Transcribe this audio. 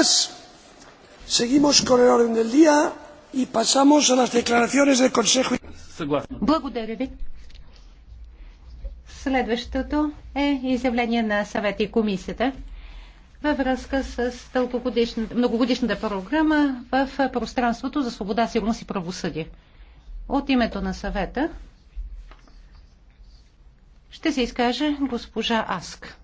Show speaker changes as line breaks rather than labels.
gracias. Seguimos con el orden del día y pasamos a las declaraciones del Consejo.
Благодаря ви. Следващото е изявление на съвета и комисията във връзка с многогодишната програма в пространството за свобода, сигурност и правосъдие. От името на съвета ще се изкаже госпожа Аск.